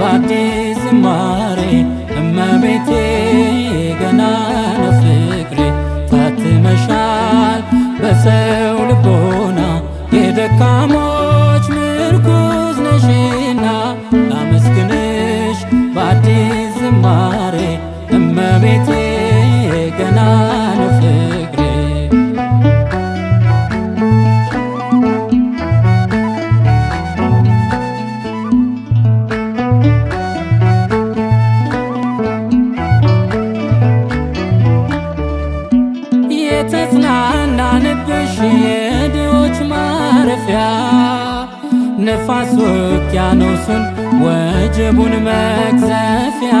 በአዲስ ዝማሬ እመቤቴ ገና ነፍቅሬ ታትመሻል በሰው ልቦና የደካሞች ምርኩዝ ነሽና ላመስግንሽ በአዲስ ዝማሬ እመቤቴ ገና ነፍቅሬ የተጽናናንብሽ የድሆች ማረፊያ ነፋስ ውቅያኖሱን ወጀቡን መቅዘፊያ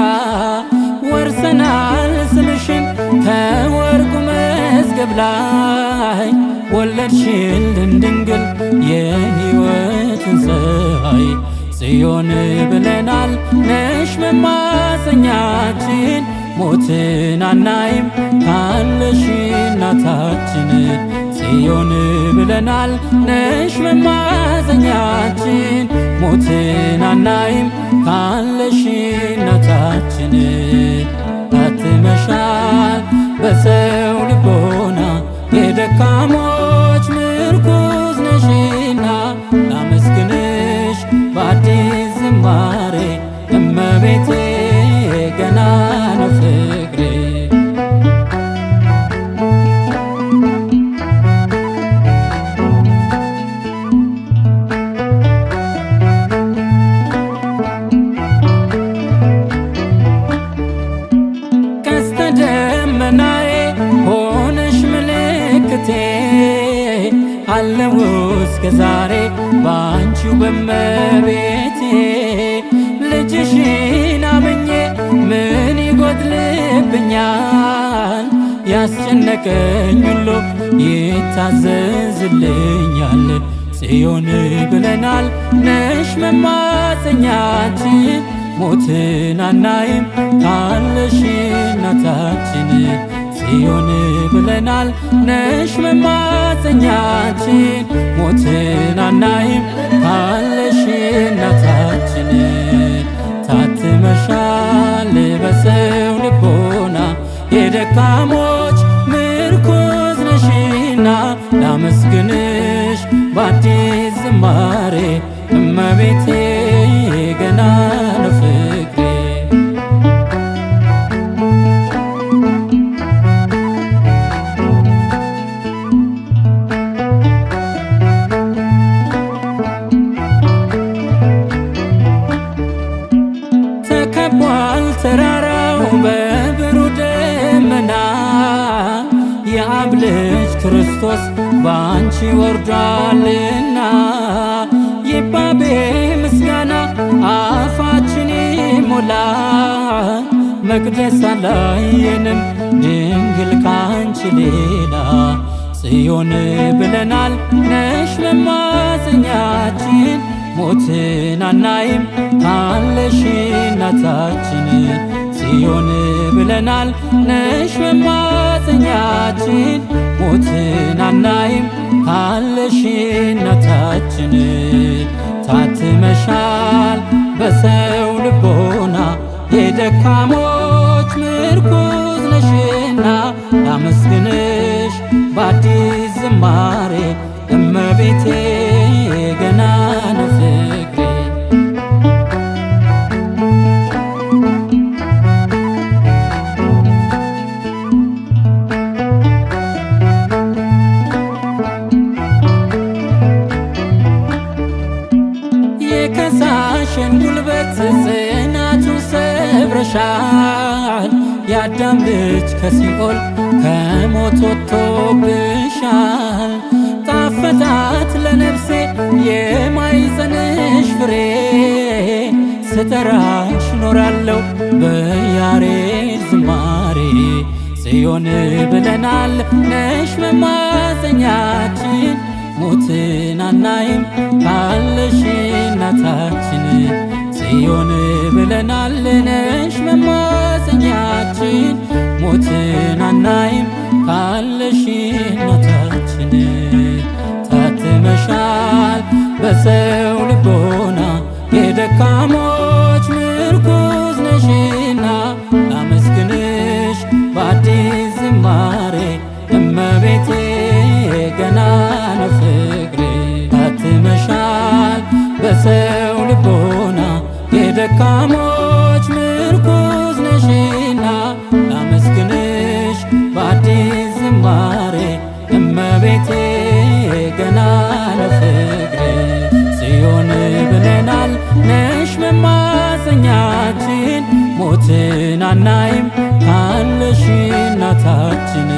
ወርሰናል ስምሽን ከወርቁ መዝገብ ላይ ወለድሽልን ድንግል የሕይወትን ፀሐይ ጽዮን ብለናል ነሽ መማፀኛችን ሞትን አናይም ካለሽ እናታችን ጽዮን ብለናል ነሽ መማዘኛችን ሞትን አናይም ካለሽ እናታችን አትመሻል በሰው ልቦና የደካሞች ምርኩዝ ነሽና ናመስግንሽ በአዲስ ዝማሬ እመቤቴ ገና ፍቅሬ ቀስተ ሆነሽ ምልክቴ አለው እስከ ዛሬ ባንቺው በመቤቴ ልጅሽን አምኜ ይቀርብኛል ያስጨነቀኝ ሁሉ ይታዘዝልኛል። ጽዮን ብለናል ነሽ መማፀኛችን ሞትን አናይም ካለሽ እናታችን ጽዮን ብለናል ነሽ መማፀኛችን ሞትን አናይም ካለሽ እናታችን ታትመሻ ላመስግንሽ በአዲስ ዝማሬ እመቤቴ ገና ክርስቶስ በአንቺ ወርዷልና ይባቤ ምስጋና አፋችን ሞላ መቅደስ አላየንም ድንግል ካንቺ ሌላ ጽዮን ብለናል ነሽ መማፀኛችን ሞትን አናይም ካለሽ እናታችን ጽዮን ብለናል ነሽ መማፀኛችን ሞትን አናይም አለሽ እናታችን ታትመሻል በሰው ልቦና የደካሞች ምርኩዝ ነሽና ላመስግንሽ በአዲስ ዝማሬ እመቤቴ አውርደሻል። የአዳም ልጅ ከሲኦል ከሞት ወጥቶብሻል። ጣፈጣት ለነፍሴ የማይዘንሽ ፍሬ ስጠራሽ ኖራለሁ በያሬድ ዝማሬ ጽዮን ብለናል ነሽ መማፀኛችን ሞትን አናይም ባለሽ እናታችን ጽዮን ነሽ መማፀኛችን ሞትን አናይም ካለሽ እናታችን ታትመሻል በሰው ልቦና የደካሞች ምርኩዝ ነሽና ላመስግንሽ በአዲስ ዝማሬ እመቤቴ ገና ነው ፍቅሬ ታትመሻል በሰው ልቦና ለደካሞች ምርኩዝ ነሽና ላመስግንሽ በአዲስ ዝማሬ እመቤቴ ገና ለፍቅሬ ጽዮን ብለናል ነሽ መማፀኛችን ሞትን አናይም ካለሽ እናታችን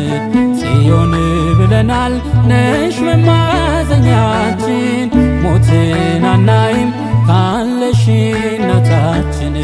ጽዮን ብለናል ነሽ መማፀኛችን ሞትን አናይም ነሽ እናታችን